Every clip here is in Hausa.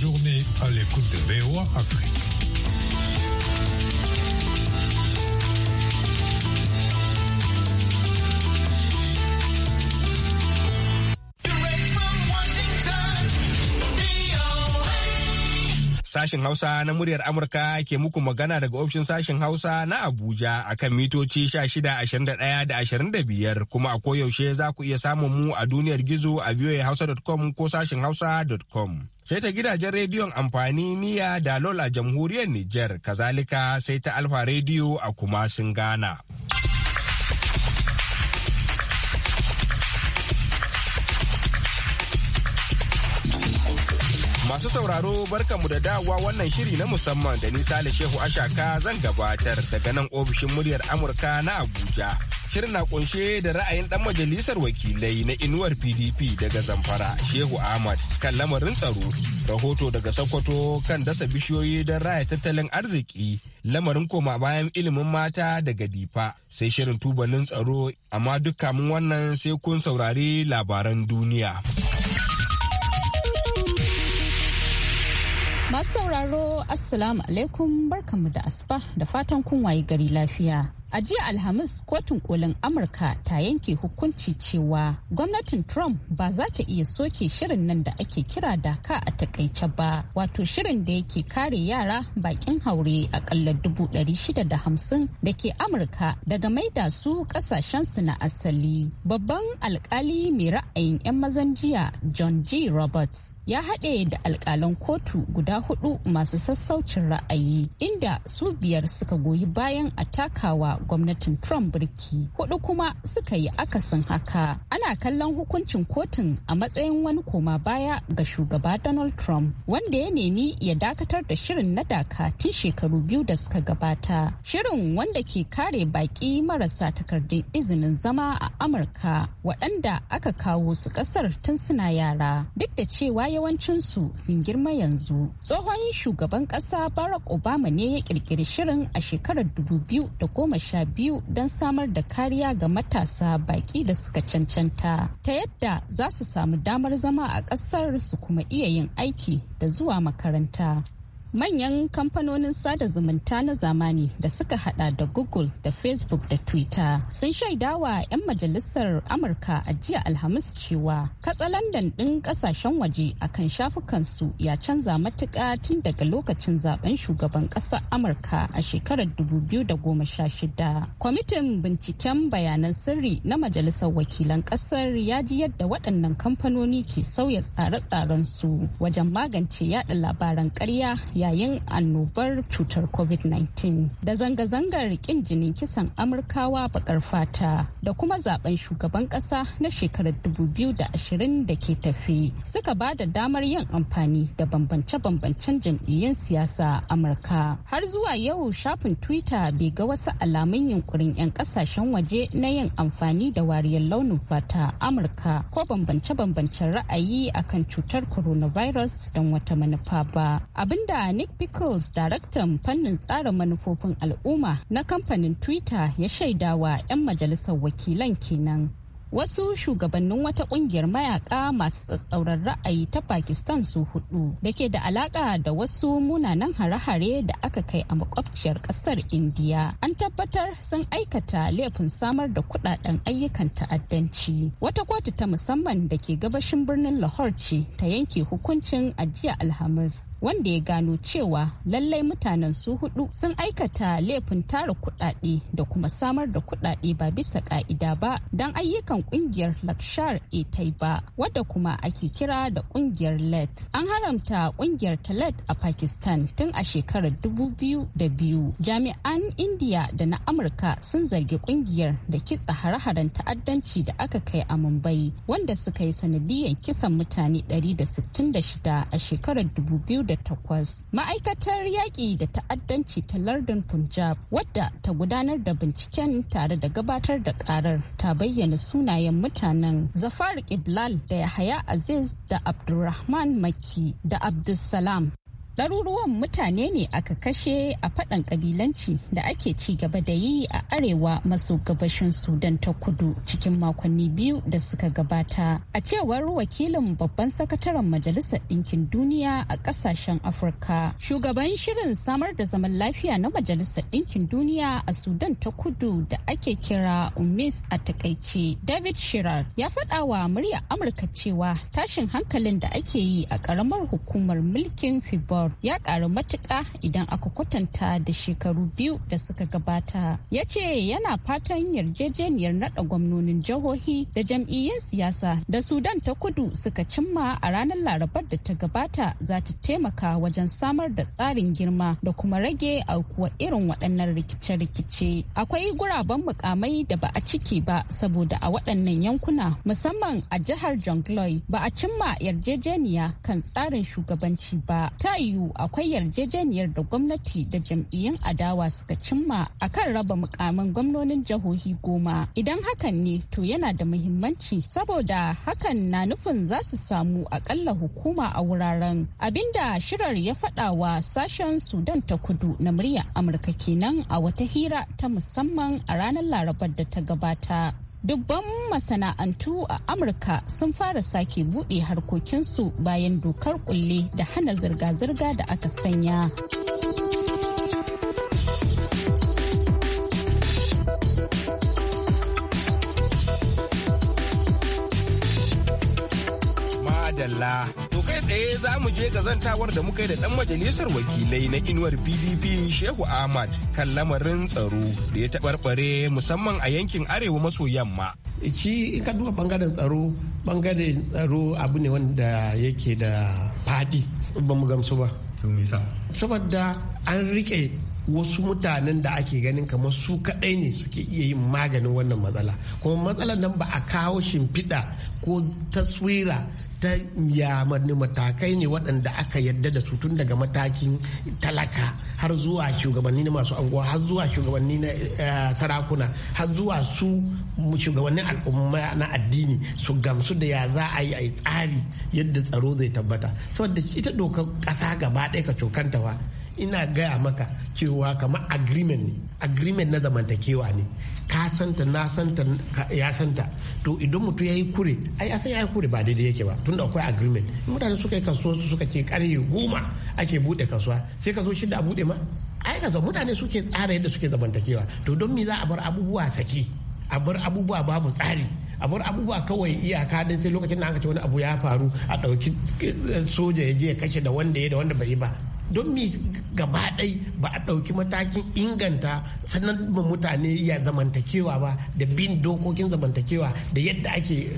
journée à l'écoute de VOA Afrique. sashin Hausa na muryar Amurka ke muku magana daga ofishin sashen Hausa na Abuja akan mitoci 1621 da 25 kuma a koyaushe za ku iya samun mu a duniyar gizo a voahausa.com ko sashin hausa.com. Sai ta gidajen rediyon amfani niya da lola jamhuriyar Nijar, kazalika sai ta Alfa rediyo a kuma sun Ghana. Masu sauraro barkanmu da dawa wannan shiri na musamman da nisa da Shehu Ashaka zan gabatar daga nan ofishin muryar Amurka na Abuja. Shirin na kunshe da ra'ayin dan majalisar wakilai na inuwar PDP daga Zamfara Shehu Ahmad kan lamarin tsaro, rahoto daga Sokoto kan dasa bishiyoyi don raya tattalin arziki, lamarin koma bayan ilimin mata daga Difa, sai shirin tubalin tsaro amma duk wannan sai kun saurari labaran duniya. Masu sauraro Assalamu alaikum barkanmu da asuba da fatan kun waye gari lafiya. A jiya Alhamis kotun kolin Amurka ta yanke hukunci cewa gwamnatin Trump ba za ta iya soke shirin nan da ake kira daka a takaice ba wato shirin da yake kare yara bakin haure akalla dubu ɗari shida da hamsin da ke Amurka daga maida su kasashensu na asali. Babban alkali mai ra'ayin 'yan mazan jiya John G. Roberts ya haɗe da alƙalan kotu guda hudu masu sassaucin ra'ayi inda su biyar suka goyi bayan a takawa gwamnatin Trump birki hudu kuma suka yi akasin haka. Ana kallon hukuncin kotun a matsayin wani koma baya ga shugaba Donald Trump wanda ya nemi ya dakatar da shirin na daka tun shekaru biyu da suka gabata. Shirin wanda ke kare baƙi marasa takardun izinin zama a Amurka waɗanda aka kawo su ƙasar tun suna yara duk da cewa yawancinsu sun girma yanzu. Tsohon shugaban ƙasa Barack Obama ne ya ƙirƙiri shirin a shekarar 2012 don samar da kariya ga matasa baƙi da suka cancanta. Ta yadda za su samu damar zama a ƙasar su kuma iya yin aiki da zuwa makaranta. manyan kamfanonin sada zumunta na zamani da suka hada da google da facebook da twitter sun shaidawa 'yan majalisar amurka a jiya alhamis cewa katsalandan ɗin ƙasashen waje akan shafukansu ya canza matuƙa tun daga lokacin zaben shugaban ƙasar amurka a shekarar 2016 kwamitin binciken bayanan sirri na majalisar wakilan ƙasar ya ji yadda waɗannan kamfanoni ke sauya tsare-tsarensu wajen magance yada labaran ƙarya yayin annobar cutar covid-19 da zanga-zangar kin jinin kisan amurkawa bakar fata da kuma zaben shugaban kasa na shekarar 2020 da ke tafi suka ba da damar yin amfani da bambance-bambancen jam'iyyun siyasa amurka har zuwa yau shafin twitter bai ga wasu alamun yunkurin 'yan kasashen waje na yin amfani da wariyar launin fata amurka ko bambance-bambancen ra'ayi akan cutar coronavirus don wata manufa ba abinda Nick Pickles, daraktan fannin tsara manufofin al'umma na kamfanin Twitter ya shaidawa 'yan majalisar wakilan kenan. wasu shugabannin wata kungiyar mayaka masu tsatsauran ra'ayi ta pakistan su hudu da ke da alaka da wasu munanan hare-hare da aka kai a makwabciyar kasar indiya an tabbatar sun aikata laifin samar da kudaden ayyukan ta'addanci wata kotu ta musamman da ke gabashin birnin lahore ce ta yanke hukuncin ajiya alhamis wanda ya gano cewa lallai mutanen su hudu sun aikata laifin tara kudade da kuma samar da kudade ba bisa ka'ida ba don ayyukan kan kungiyar lakshar e taiba wadda kuma ake kira da kungiyar let an haramta kungiyar ta let a pakistan tun a shekarar 2002 jami'an indiya da na amurka sun zargi kungiyar da kitsa hare-haren ta'addanci da aka kai a mumbai wanda suka yi sanadiyar kisan mutane 166 a shekarar 2008 ma'aikatar yaƙi da ta'addanci ta lardin punjab wadda ta gudanar da binciken tare da gabatar da karar ta bayyana suna sunayen mutanen Zafar Iblal da Yahaya Aziz da Abdulrahman Maki da Abdulsalam Ɗaruruwan mutane ne aka kashe a faɗan ƙabilanci da ake ci gaba da yi a arewa maso gabashin Sudan ta kudu cikin makonni biyu da suka gabata. A cewar wakilin babban sakataren Majalisar Ɗinkin Duniya a ƙasashen Afirka. Shugaban shirin samar da zaman lafiya na Majalisar Ɗinkin Duniya a Sudan ta kudu da ake kira UMIS a takaice. David Shirar ya faɗa wa murya Amurka cewa tashin hankalin da ake yi a ƙaramar hukumar mulkin Fibo Ecuador ya karu matuƙa idan aka kwatanta da shekaru biyu da suka gabata. Ya ce yana fatan yarjejeniyar naɗa gwamnonin jihohi da jam'iyyar siyasa da Sudan ta kudu suka cimma a ranar Larabar da ta gabata za ta taimaka wajen samar da tsarin girma da kuma rage aukuwa irin waɗannan rikice-rikice. Akwai guraben mukamai da ba a ciki ba saboda a waɗannan yankuna musamman a jihar Jongloi ba a cimma yarjejeniya kan tsarin shugabanci ba. Ta EU akwai yarjejeniyar da gwamnati da jam'iyyun adawa suka cimma akan raba mukamin gwamnonin jihohi goma. Idan hakan ne to yana da muhimmanci saboda hakan na nufin za su samu akalla hukuma a wuraren. Abinda shirar ya faɗa wa sashen Sudan ta kudu na murya Amurka kenan a wata hira ta musamman a ranar Larabar da ta gabata. dubban masana'antu a amurka sun fara sake buɗe harkokinsu bayan dokar kulle da hana zirga-zirga da aka sanya. madalla. To kai tsaye za mu je ga zantawar da muka yi da ɗan majalisar wakilai na inuwar PDP Shehu Ahmad kan lamarin tsaro da ya taɓarɓare musamman a yankin arewa maso yamma. Shi ka duba bangaren tsaro, bangaren tsaro abu ne wanda yake da faɗi ba mu gamsu ba. Saboda an riƙe wasu mutanen da ake ganin kamar su kaɗai ne suke iya yin maganin wannan matsala kuma matsalar nan ba a kawo shimfiɗa ko taswira ta yamanni matakai ne waɗanda aka yadda da su tun daga matakin talaka har zuwa shugabanni na masu anguwa har zuwa shugabanni na eh, sarakuna har zuwa su shugabannin al'umma na addini su gamsu da ya za a yi a tsari yadda tsaro zai tabbata saboda ita dokar ƙasa gaba ɗaya ka cokanta ina gaya maka cewa kama agreement ne agreement na zamantakewa ne ka santa na santa ya santa to idan mutum ya yi kure ai ya san ya yi kure ba daidai yake ba tunda akwai agreement mutane suka yi kasuwa su suka ce karye goma ake bude kasuwa sai ka zo shida a bude ma ai ka mutane suke tsara yadda suke zamantakewa to don me za a bar abubuwa saki a bar abubuwa babu tsari a bar abubuwa kawai iyaka dan sai lokacin da aka ce wani abu ya faru a ɗauki eh, soja ya je ya kashe da wanda ya da wanda bai yi ba don mi gaba ɗai ba a ɗauki matakin inganta sannan ba mutane ya zamantakewa ba da bin dokokin zamantakewa da yadda ake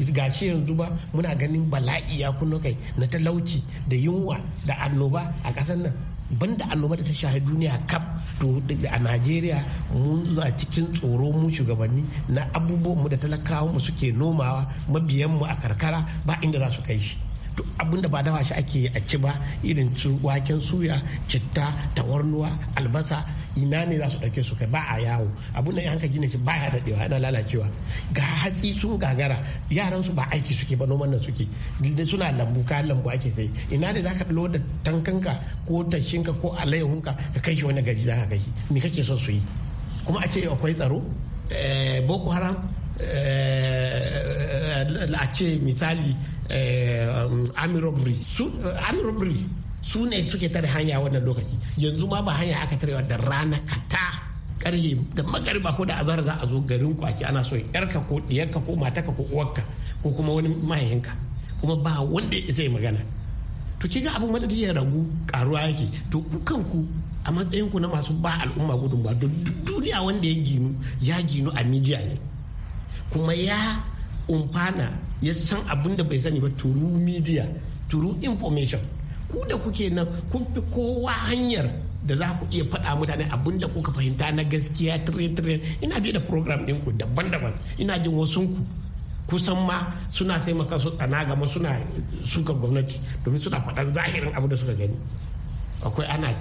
eh, gashi yanzu ba muna ganin bala'i ya kunno kai na talauci da yunwa da annoba a ƙasar nan banda annoba da ta shahi duniya kap to a najeriya mun a cikin tsoro mu shugabanni na abubuwan mu da talakawan mu suke nomawa mabiyan mu a karkara ba inda za su kai shi duk abin da ba dafa shi ake a ci ba irin su waken suya citta tawarnuwa albasa ina ne za su ɗauke su kai ba a yawo abin da yanka gina shi baya daɗewa yana lalacewa ga hatsi sun gagara yaran su ba aiki suke ba noman nan suke suna lambu kayan lambu ake sai ina ne za ka ɗalo da tankanka ko tashinka ko alayyahunka ka kai shi wani gari za ka kai shi me kake son su yi kuma a ce akwai tsaro eh, boko haram eh, a ce misali Um, uh, army robbery su ne suke tare hanya wannan lokaci yanzu ma ba hanya aka tarewa da rana kata karye da magariba ko da azara za a zo garin ku ake ana so yarka ko diyarka ko mataka ko uwarka ko kuma wani mahaifinka kuma ba wanda ya zai magana to kiga abin wanda ya ragu karuwa yake to ku kanku a matsayin ku na masu ba al'umma gudunmawa don duniya wanda ya ginu ya ginu a midiya ne kuma ya umfana ya san abin da bai sani ba turu media turu information ku da kuke nan kun fi kowa hanyar da za ku iya faɗa mutane abin da kuka fahimta na gaskiya tire-tire ina bi da program ɗinku daban-daban ina jin wasunku kusan ma suna taimaka su tsana gama suna suka gwamnati domin suna faɗan zahirin abu da suka gani akwai ana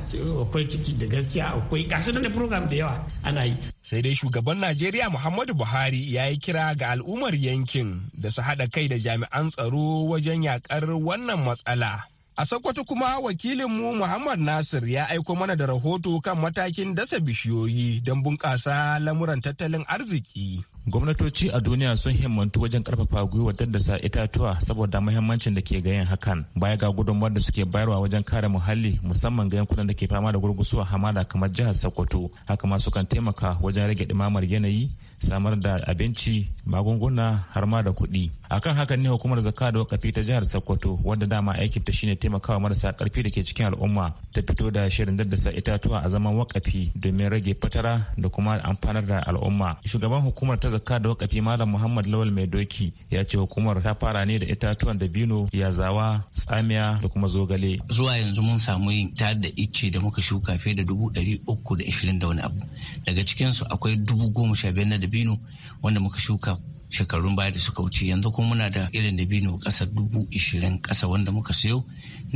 akwai ciki da gaskiya akwai gasu da program da yawa ana yi sai dai shugaban najeriya muhammadu buhari ya yi kira ga al'ummar yankin da su haɗa kai da jami'an tsaro wajen yakar wannan matsala a sokoto kuma wakilinmu muhammad nasir ya aiko mana da rahoto kan matakin dasa bishiyoyi don bunƙasa lamuran tattalin arziki gwamnatoci a duniya sun himmantu wajen karfafa gwiwa daddasa itatuwa saboda muhimmancin da ke gayin hakan baya ga gudunmawar da suke bayarwa wajen kare muhalli musamman ga yankunan da ke fama da gurgusuwa hamada kamar jihar sokoto haka ma sukan taimaka wajen rage ɗimamar yanayi samar da abinci magunguna har ma da kuɗi akan hakan ne hukumar zakka da wakafi ta jihar sokoto wanda dama aikin ta shine taimakawa marasa karfi da ke cikin al'umma ta fito da shirin daddasa itatuwa a zaman wakafi domin rage fatara da kuma amfanar da al'umma shugaban hukumar ta zakka da wakafi malam muhammad lawal mai doki ya ce hukumar ta fara ne da itatuwan dabino yazawa tsamiya da kuma zogale zuwa yanzu mun samu yin ta da icce da muka shuka fiye da dubu ɗari uku da ishirin da wani abu daga cikinsu akwai dubu goma sha biyar na dabino dabino wanda muka shuka shekarun baya da suka wuce yanzu kuma muna da irin dabino kasa dubu ishirin kasa wanda muka sayo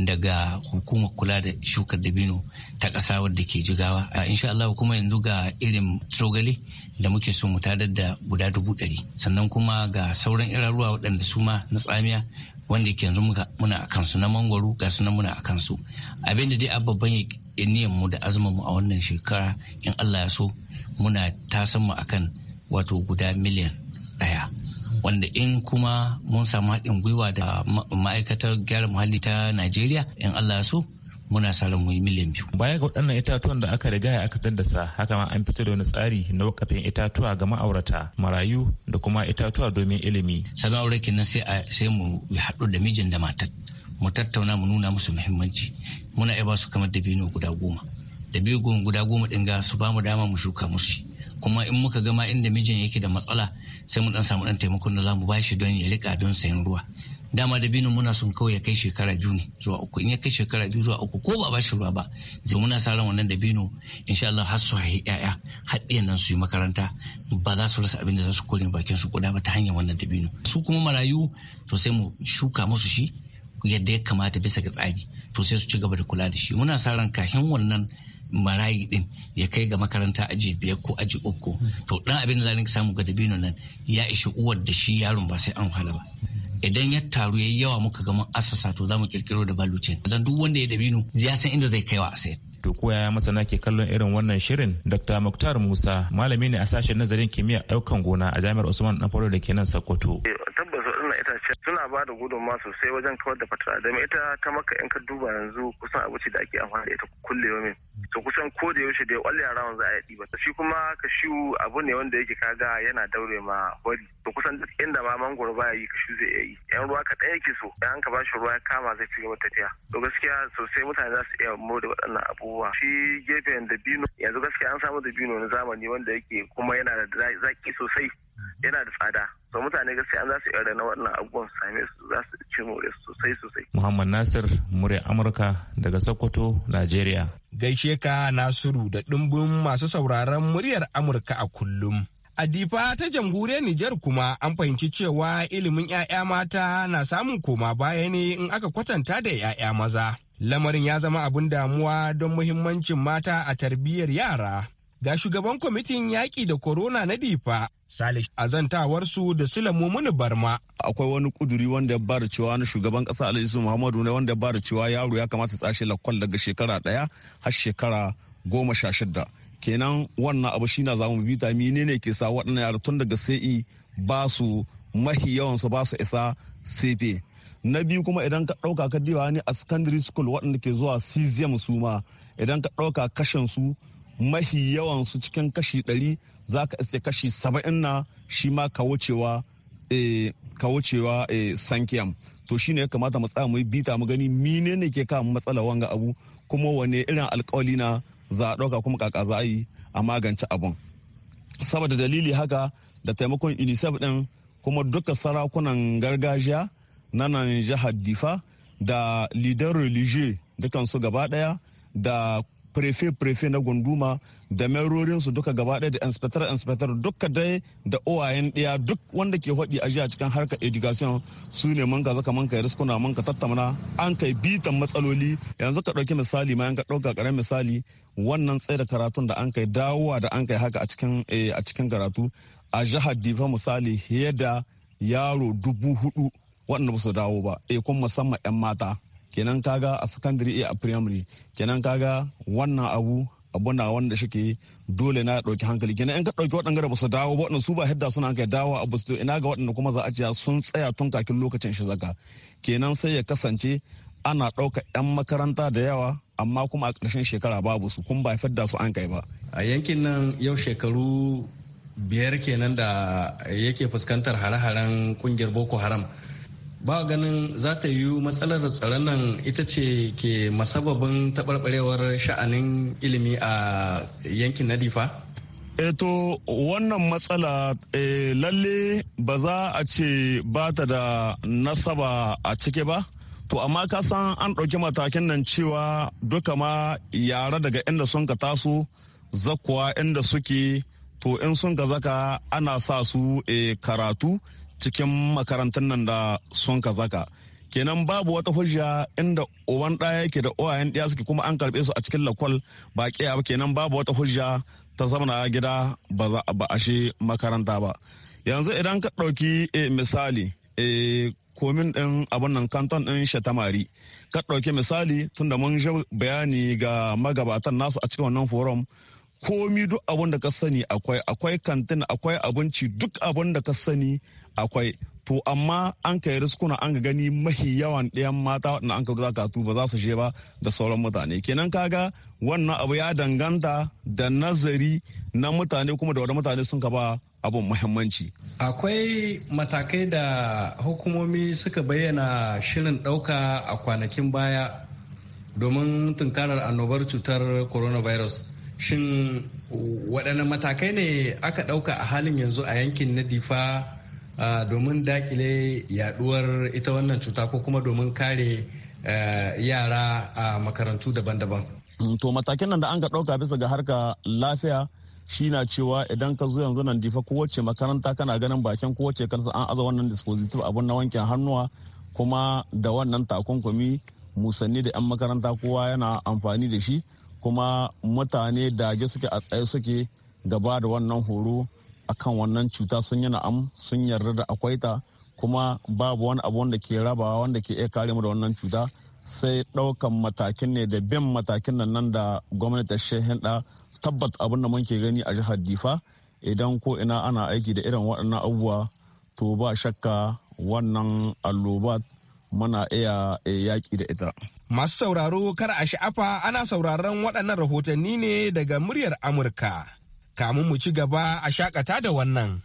daga hukumar kula da shukar dabino ta kasa wadda ke jigawa a insha Allah kuma yanzu ga irin trogali da muke so mu tadar da guda dubu ɗari sannan kuma ga sauran iraruwa waɗanda su ma na tsamiya wanda ke yanzu muna a kansu na mangwaro ga su muna a kansu abin da dai babban niyyar mu da azumin mu a wannan shekara in Allah ya so muna tasan mu akan wato guda miliyan ɗaya. wanda in kuma mun samu haɗin gwiwa da ma'aikatar gyara muhalli ta najeriya in allah so muna sa ran muyi miliyan biyu. Baya ga waɗannan itatuwan da aka riga aka daddasa haka ma an fito da wani tsari na wakafin itatuwa ga ma'aurata marayu da kuma itatuwa domin ilimi. Sabon aure kenan sai a sai mu haɗu da mijin da matar mu tattauna mu nuna musu muhimmanci muna iya ba su kamar dabino guda goma. Dabino guda goma ɗin ga su ba mu dama mu shuka musu kuma in muka gama inda mijin yake da matsala sai mun dan samu dan taimakon da zamu bashi don ya rika don sayan ruwa dama da binin muna son kawai ya kai shekara biyu ne zuwa uku in ya kai shekara biyu zuwa uku ko ba ba shi ruwa ba zai muna sa ran wannan da in insha Allah har su haihi yaya har ɗiyan nan su yi makaranta ba za su rasa abin da za su kore bakin su kuda ba ta hanyar wannan da bino su kuma marayu to sai mu shuka musu shi yadda ya kamata bisa ga tsari to sai su ci gaba da kula da shi muna sa ran kahin wannan marayi din ya kai ga makaranta aji biyar ko aji uku to dan abin da za samu ga dabino nan ya ishi uwar da shi yaron ba sai an wahala ba idan ya taru ya yawa muka ga mun asasa to za mu kirkiro da balucin zan duk wanda ya dabino ya san inda zai kai wa sayar to ko yaya masana ke kallon irin wannan shirin dr muktar musa malami ne a sashen nazarin kimiyya daukan gona a jami'ar usman faro da ke nan sokoto eh, suna ba da gudunma sosai wajen kawar da fatara da ita ta maka yanka ka duba yanzu kusan abinci da ake amfani da ita kullewa min to kusan ko da yaushe da kwalle yara za a yi ɗiba shi kuma kashiyu abu ne wanda yake kaga yana daure ma wari to kusan duk inda ma mangoro baya yi kashiyu zai iya yi yan ruwa kaɗan yake so idan ka bashi ruwa ya kama zai cigaba tafiya to gaskiya sosai mutane za su iya more waɗannan abubuwa shi gefen dabino yanzu gaskiya an samu dabino na zamani wanda yake kuma yana da zaki sosai yana da tsada so mutane gaskiya an za su iya na waɗannan abubuwan su same su za su ci more sosai sosai. Muhammad Nasir murya Amurka daga Sokoto, Najeriya. Gaishe ka Nasiru da ɗumbin masu sauraron muryar Amurka a kullum. A difa ta jamhuriyar Nijar kuma an fahimci cewa ilimin 'ya'ya mata na samun koma baya ne in aka kwatanta da 'ya'ya maza. Lamarin ya zama abin damuwa don muhimmancin mata a tarbiyyar yara. Ga shugaban kwamitin yaƙi da korona na difa Salih azantawarsu da Sulamu Muni Barma. Akwai wani kuduri wanda ya bada cewa na shugaban kasa Alhaji Muhammadu ne wanda ya bada cewa yaro ya kamata tsashe lakwal daga shekara ɗaya har shekara goma sha shida. Kenan wannan abu shi na zamu bita ne ke sa waɗannan yara tun daga sai ba su mahi yawansu ba su isa sefe. Na biyu kuma idan ka ɗauka ka diba ne a secondary school waɗanda ke zuwa CZM su ma idan ka ɗauka kashin su mahi su cikin kashi ɗari za ka iske kashi saba'in na shi ma ka wucewa eh, eh, sankiyam to shi ne ya kamata mu tsaya mu bita mu gani mine ne ke kawo matsala wanga abu kuma wane irin alkawali na za a ɗauka kuma kaka za a yi a magance abun saboda dalili haka da taimakon unicef din kuma duka sarakunan gargajiya na nan jihar difa da lider religieux dukansu gaba ɗaya da prefe-prefe na gunduma da merorinsu duka gaba ɗaya da inspector inspector duka dai da oyan ɗaya duk wanda ke hodi a jiya cikin harkar education su ne mun ka zaka mun ka riskuna mun ka an kai bitan matsaloli yanzu ka ɗauki misali ma ka ɗauka ƙaramin misali wannan tsaye da karatun da an kai dawowa da an kai haka a cikin eh, a cikin karatu a jihar difa misali fiye da yaro dubu hudu waɗanda ba su dawo ba e kuma musamman 'yan mata kenan kaga a secondary a primary kenan kaga wannan abu abu na wanda shike dole na ɗauki hankali kenan in ka ɗauki waɗanda ba su dawo ba su ba hidda suna kai dawo a busto ina ga waɗanda kuma za a ce sun tsaya tun kakin lokacin shi zaka kenan sai ya kasance ana ɗauka 'yan makaranta da yawa amma kuma a ƙarshen shekara babu su kun ba fidda su an kai ba a yankin nan yau shekaru biyar kenan da yake fuskantar hare-haren kungiyar boko haram ba ganin za ta yiwu matsalar tsaron nan ita ce ke masababin taɓarɓarewar sha'anin ilimi a yankin na difa? eto eh, wannan matsala e, lalle ba za a ce ba ta da nasaba a cike ba to amma ka san an ɗauki matakin nan cewa duka ma yara daga inda sun ka taso zakuwa inda suke to in sun ka zaka ana sa su e, karatu cikin makarantar nan da sun ka zaka kenan babu wata hujja inda uban ɗaya yake da uwayen ɗaya suke kuma an karɓe su a cikin lakwal ba ba kenan babu wata hujja ta zamana gida ba a shi makaranta ba yanzu idan ka ɗauki eh, misali eh, komin ɗin abin nan kanton ɗin shatamari ka ɗauki misali tunda mun bayani ga magabatan nasu a cikin wannan forum komi duk abin da ka sani akwai akwai kantin akwai abinci duk abin da ka sani akwai to amma an kai riskuna an ga gani mahi yawan ɗayan mata waɗanda an ka za ka ba za su je ba da sauran mutane kenan kaga wannan abu ya danganta da nazari na mutane kuma da wani mutane sun ka ba abun muhimmanci. Akwai matakai da hukumomi suka bayyana shirin ɗauka a kwanakin baya domin tunkarar annobar cutar coronavirus. shin waɗanne matakai ne aka ɗauka a halin yanzu a yankin na difa domin dakile yaduwar ita wannan cuta ko kuma domin kare yara a makarantu daban-daban mm, to matakin nan da an ga ɗauka bisa ga harka lafiya shi na cewa idan ka zo yanzu nan difa kowace makaranta kana ganin bakin kowace kansa an aza wannan dispositif abun na wankin hannuwa kuma da wannan takunkumi musanni da 'yan makaranta kowa yana amfani da shi kuma mutane ji suke a tsaye suke gaba da wannan horo akan wannan cuta sun yi na'am sun yarda da akwai ta kuma babu wani abu wanda ke rabawa wanda ke iya kare mu da wannan cuta sai ɗaukan matakin ne da bin matakin nan nan da gwamnati shehin da tabbat abin da muke gani a jihar difa idan ko ina ana aiki da irin waɗannan abubuwa to ba shakka wannan allobat muna iya eh, yaƙi da ita Masu sauraro kar a sha'afa ana sauraron waɗannan rahotanni ne daga muryar Amurka. Kamun mu ci gaba a shakata da wannan.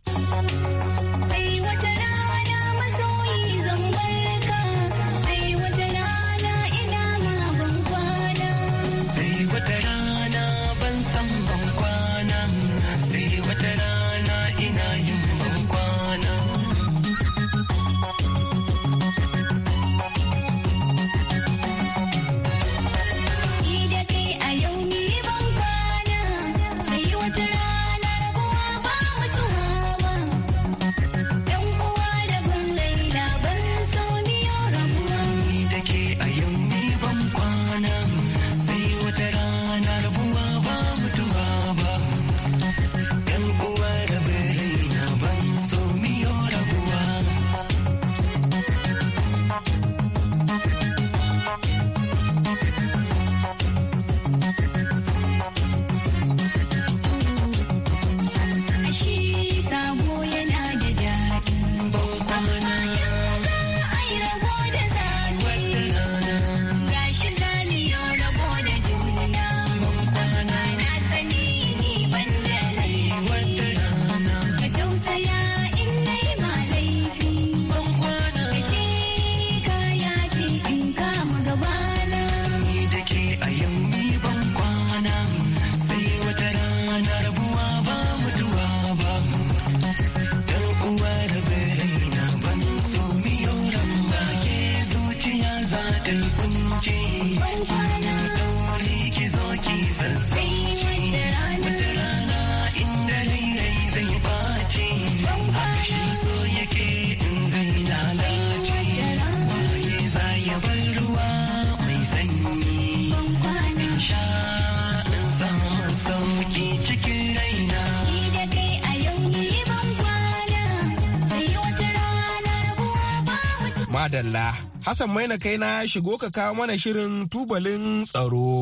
adalla Hassan mai na kai na shigo ka kawo mana shirin tubalin tsaro.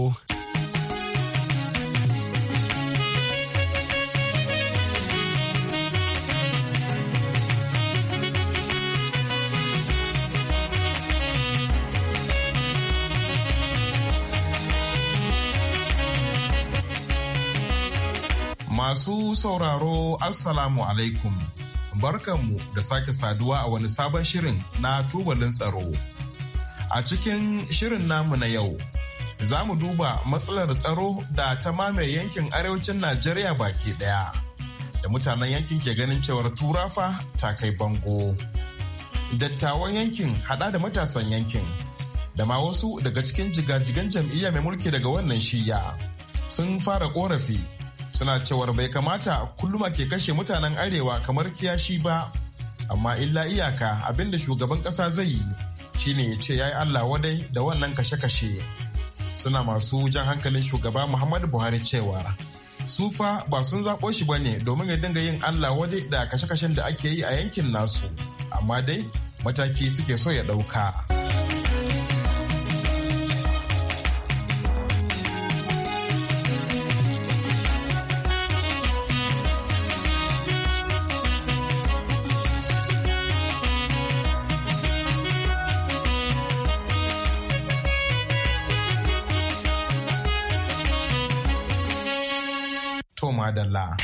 Masu sauraro, Assalamu alaikum. barkanmu da sake saduwa a wani sabon shirin na tubalin tsaro. A cikin shirin namu na yau, za mu duba matsalar tsaro da ta mamaye yankin arewacin Najeriya baki ɗaya, da mutanen yankin ke ganin cewar turafa ta kai bango. Dattawan yankin hada da matasan yankin, da ma wasu daga cikin jiga-jigan jam'iyya mai mulki daga wannan shiya, sun fara korafi suna cewar bai kamata kullum ke kashe mutanen arewa kamar kiyashi ba amma illa iyaka abinda shugaban ƙasa zai yi shine ya ce ya yi allah wadai da wannan kashe-kashe suna masu jan hankalin shugaba muhammadu buhari cewa sufa ba sun zaɓo shi ba ne domin ya dinga yin allah wadai da kashe-kashen da ake yi a yankin nasu amma dai mataki suke so ya ɗauka.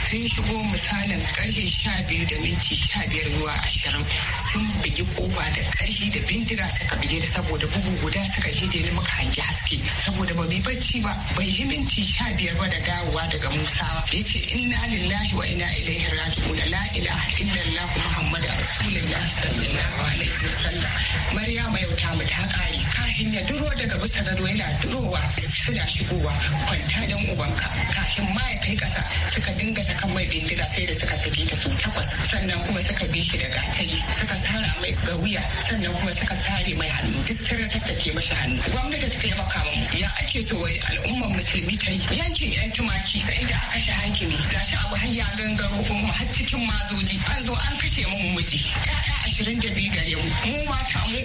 sun shigo misalin karfe sha biyu da minti sha biyar zuwa ashirin sun bugi kofa da karfi da bindiga suka bige da saboda bugu guda suka je da muka hangi haske saboda ba bai bacci ba bai yi minti sha biyar ba da dawowa daga Musa. ba ya ce inna lillahi wa inna ilaihi raji'un la ilaha illallah muhammad rasulullah sallallahu alaihi wasallam maryama yau ta mu ta kare kahin ya duro daga bisa gado yana durowa suna shigowa kwanta dan ubanka kafin ma ya kai kasa suka dinga saka mai bindiga sai da suka sake ta su takwas sannan kuma suka bi shi da gatari suka sara mai ga wuya sannan kuma suka sare mai hannu duk sun tattake mashi hannu gwamnati ta taimaka mu ya ake so wai al'ummar musulmi ta yi yankin yan tumaki ka inda aka shi hakimi gashi abu hanya gangaro kuma har cikin mazoji an zo an kashe mun miji 'ya'ya ashirin da biyu gare mu mu mata mu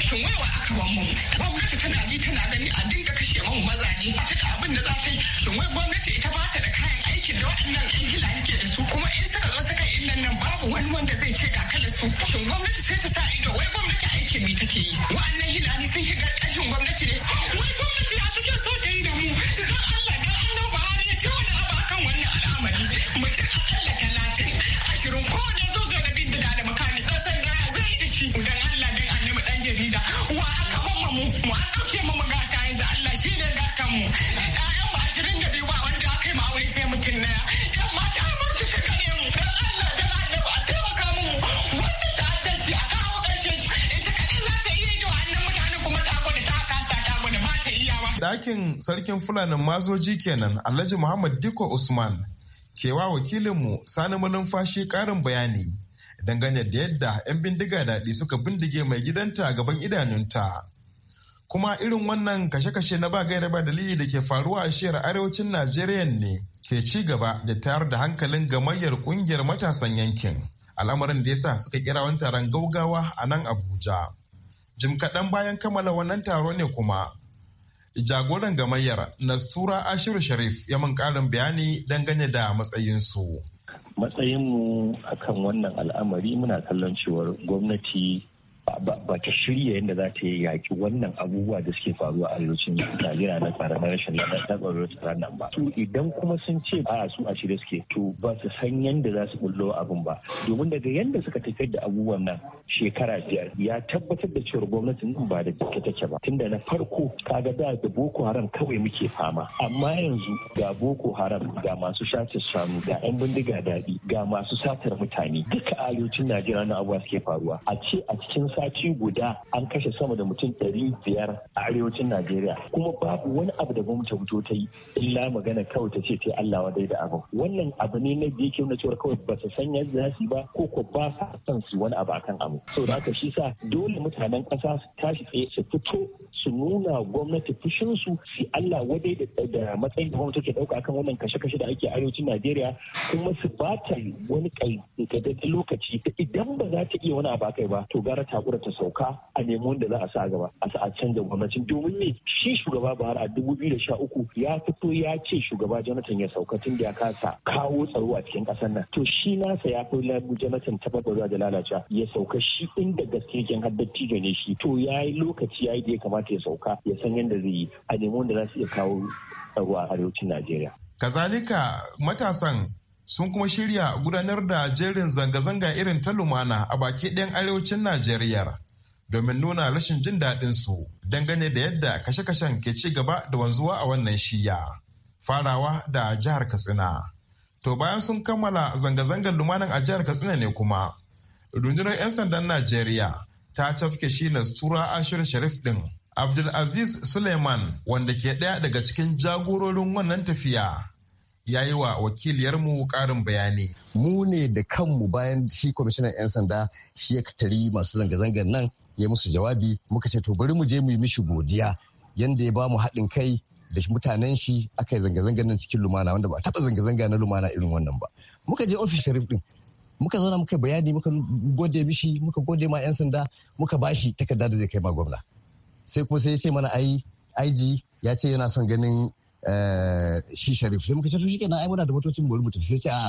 shin wawa aka ban mu gwamnati tana ji tana gani a dinga kashe mu mazaje ba ta abin da za ta yi shin wai gwamnati ita ba ta da kayan aikin da waɗannan ɗan hila ke da su kuma in suka zo suka illan nan babu wani wanda zai ce ga kalar su shin gwamnati sai ta sa ido wai gwamnati aikin me take yi wa'annan hilali sun shiga ƙashin gwamnati ne wai gwamnati a cikin ɗakin sarkin fulanin mazoji kenan alhaji muhammad diko usman kewa wakilinmu sani malumfashi karin bayani dangane da yadda 'yan bindiga daɗi suka bindige mai gidanta gaban idanunta kuma irin wannan kashe-kashe na ba gaira ba dalili da ke faruwa a shiyar arewacin najeriya ne ke ci gaba da tayar da hankalin gamayyar kungiyar matasan yankin al'amarin da ya sa suka kira wani taron gaugawa a nan abuja jim kaɗan bayan kammala wannan taro ne kuma Jagoran gamayyar Nastura Ashiru Sharif ya mun ƙarin bayani dangane da matsayinsu. Matsayinmu akan wannan al'amari muna kallon cewar gwamnati ba ta shirya yadda za ta yi yaƙi wannan abubuwa da suke faruwa a lokacin Najeriya na ƙara na rashin na tsaro tsaron nan ba. To idan kuma sun ce a su a shirya suke to ba su san yadda za su bullo abin ba. Domin daga yadda suka tafiyar da abubuwan nan shekara biyar ya tabbatar da cewar gwamnatin ba da take take ba. Tunda na farko kaga da da Boko Haram kawai muke fama. Amma yanzu ga Boko Haram ga masu satar shanu ga 'yan bindiga daɗi ga masu satar mutane duka lokacin Najeriya na abuwa suke faruwa. A ce a cikin sati guda an kashe sama da mutum ɗari biyar a arewacin Najeriya kuma babu wani abu da gwamnati wuto ta yi illa magana kawai ta ce ta Allah wadai da abu wannan abu ne na da yake cewa kawai ba su san yadda za su ba ko ko ba sa san su wani abu akan abu so da haka shi sa dole mutanen ƙasa su tashi tsaye su fito su nuna gwamnati fushin su su Allah wadai da matsayin da gwamnati ke dauka akan wannan kashe-kashe da ake arewacin Najeriya kuma su ba ta wani kai da lokaci idan ba za ta iya wani abu kai ba to gara ta haƙura ta sauka a nemi wanda za a sa gaba a sa a canza gwamnatin domin ne shi shugaba Buhari a dubu biyu da sha uku ya fito ya ce shugaba Jonathan ya sauka tun da ya kasa kawo tsaro a cikin kasar nan to shi nasa ya fi labu Jonathan tabbatar da lalaca ya sauka shi inda gaske yake har dattijo ne shi to ya yi lokaci ya yi da ya kamata ya sauka ya san yadda zai yi a nemi wanda za su iya kawo tsaro a arewacin Najeriya. Kazalika matasan sun kuma shirya gudanar da jerin zanga-zanga irin ta lumana a baki ɗayan arewacin Najeriya domin nuna rashin jin daɗin su dangane da yadda kashe-kashen ke ci gaba da wanzuwa a wannan shiya. Farawa da jihar Katsina. To bayan sun kammala zanga-zangar lumanan a jihar Katsina ne kuma, rundunar 'yan sandan Najeriya ta tafke shi na Tura Ashir Sharif ɗin. Abdulaziz Suleiman wanda ke ɗaya daga cikin jagororin wannan tafiya ya yi wa wakiliyarmu karin bayani. Mu ne da kanmu bayan shi kwamishinan 'yan sanda shi ya katari masu zanga-zangar nan ya musu jawabi muka ce to bari mu je mu yi mishi godiya yanda ya ba mu haɗin kai da mutanen shi aka yi zanga-zangar nan cikin lumana wanda ba a taɓa zanga-zanga na lumana irin wannan ba. Muka je ofis sharif ɗin muka zauna muka bayani muka gode mishi muka gode ma 'yan sanda muka bashi takarda da zai kai ma gwamna. Sai kuma sai ya ce mana ai IG ya ce yana son ganin Eh, shi sharif sai muka ce to shi kenan ai muna da motocin bari mu tafi sai ce a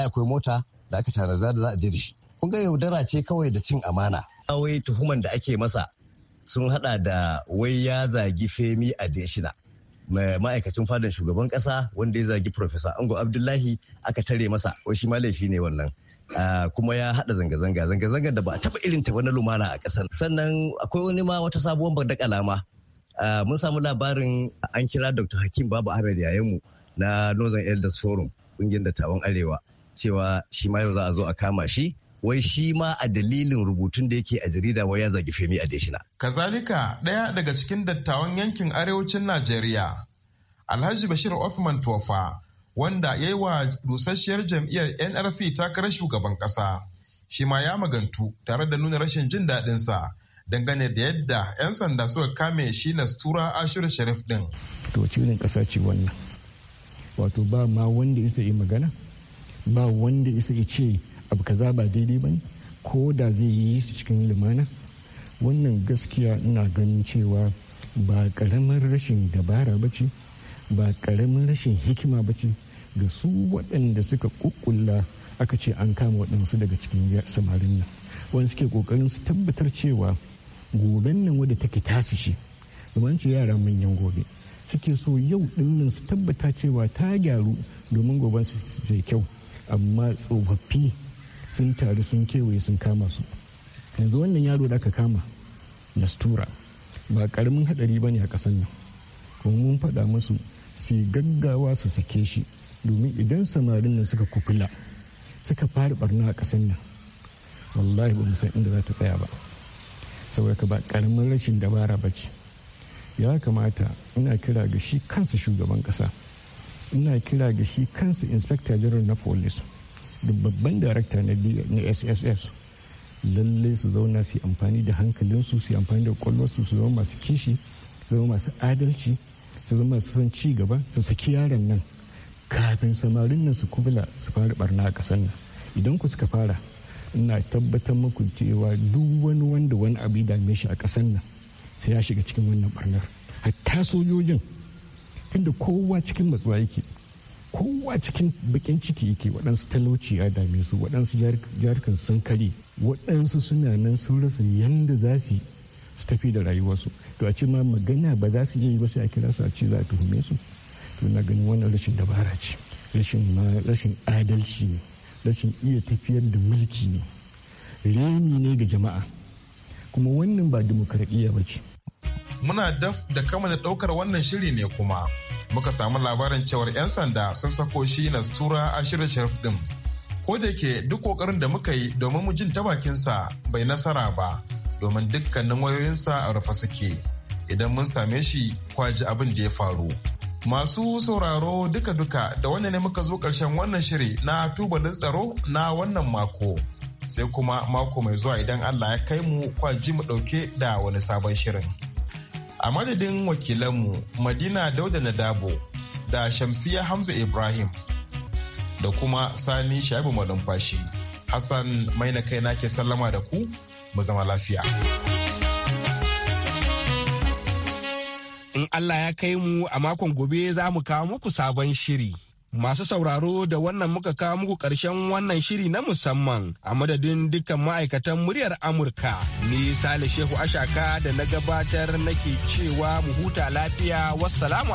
ai akwai mota da aka tara da za a je da shi kun ga yaudara ce kawai da cin amana kawai tuhuman da ake masa sun hada da wai ya zagi femi adeshina ma'aikacin fadan shugaban kasa wanda ya zagi professor ango abdullahi aka tare masa wai shi ma laifi ne wannan ah, kuma ya hada zanga-zanga zanga zanga da ba a taba irin ta na lumana a kasar sannan akwai wani ma wata sabuwar badakala Ah, mun samu labarin an kira dr hakim babu ahmed mu na northern elders forum kungiyar dattawan arewa cewa shi ma yau za a zo a kama shi wai shi ma a dalilin rubutun da yake a jarida wai ya zagi femi a deshina. kazalika ɗaya daga cikin dattawan yankin arewacin najeriya alhaji bashir othman tofa wanda ya yi wa dusasshiyar jam'iyyar nrc takarar shugaban ƙasa shi ma ya magantu tare da nuna rashin jin daɗinsa dangane da yadda 'yan sanda suka kame shi tura ashir sharif din to ciwon kasa ce wannan wato ba ma wanda isa yi magana ba wanda isa yi ce abu kaza ba daidai ba ko da zai yi su cikin lumana wannan gaskiya na ganin cewa ba karamin rashin dabara ba ce ba karamin rashin hikima ba ce da su waɗanda suka kukkulla aka ce an kama waɗansu daga cikin samarin nan wani suke ƙoƙarin su tabbatar cewa goben nan wadda take tasu shi zamanci yara manyan gobe suke so yau dinnan su tabbata cewa ta gyaru domin goben su zai kyau amma tsofaffi sun taru sun kewaye sun kama su yanzu wannan yaro da aka kama nastura ba karamin hadari ba ne a kasan nan kuma mun faɗa musu sai gaggawa su sake shi domin idan samarin nan suka kufula suka fara barna a kasan nan wallahi ba mu san inda za ta tsaya ba saboda ba karamin rashin dabara ba ce ya kamata ina kira ga shi kansa shugaban kasa ina kira ga shi kansa inspector general na police da babban darakta na sss lallai su zauna su amfani da hankalinsu su amfani da kwallonsu su zama masu kishi su zama masu adalci su zama masu son ci gaba su saki yaron nan kafin samarin nan su kubula su fara barna a kasar nan idan ku suka fara ina tabbatar muku cewa duk wani wanda wani abu ya dame shi a ƙasar nan sai ya shiga cikin wannan barnar hatta sojojin tunda kowa cikin matsuwa yake kowa cikin bakin ciki yake waɗansu talauci ya dame su waɗansu jarkan sun kare waɗansu suna nan sun rasa yadda za su su tafi da rayuwarsu to a ce ma magana ba za su yi ba sai a kira su a ce za a tuhume su to na ganin wannan rashin dabara ce rashin adalci ne rashin iya tafiyar da mulki ne reni ne ga jama'a kuma wannan ba dimokuraɗiyya ba ce muna daf da kama da ɗaukar wannan shiri ne kuma muka samu labarin cewar 'yan sanda sun sako shi na tura a shirin sharif din ko da ke duk kokarin da muka yi domin mu jin ta bai nasara ba domin dukkanin wayoyinsa a rufe suke idan mun same shi kwaji abin da ya faru Masu sauraro duka-duka da wanda ne muka zo ƙarshen wannan shiri na tubalin tsaro na wannan mako. Sai kuma mako mai zuwa idan Allah ya kai mu kwaji mu ɗauke da wani sabon shirin. A madadin wakilanmu Madina Dauda na Dabo, da Shamsiyya Hamza Ibrahim da kuma Sani Shaibu Malumfashi. Hassan Maina kai na ke sallama da ku mu zama lafiya. In Allah ya kai mu a makon gobe za mu kawo muku sabon shiri. Masu sauraro da wannan muka kawo muku ƙarshen wannan shiri na musamman a madadin dukkan ma'aikatan muryar Amurka. Ni Sale Shehu Ashaka da na gabatar nake cewa mu huta lafiya wassalamu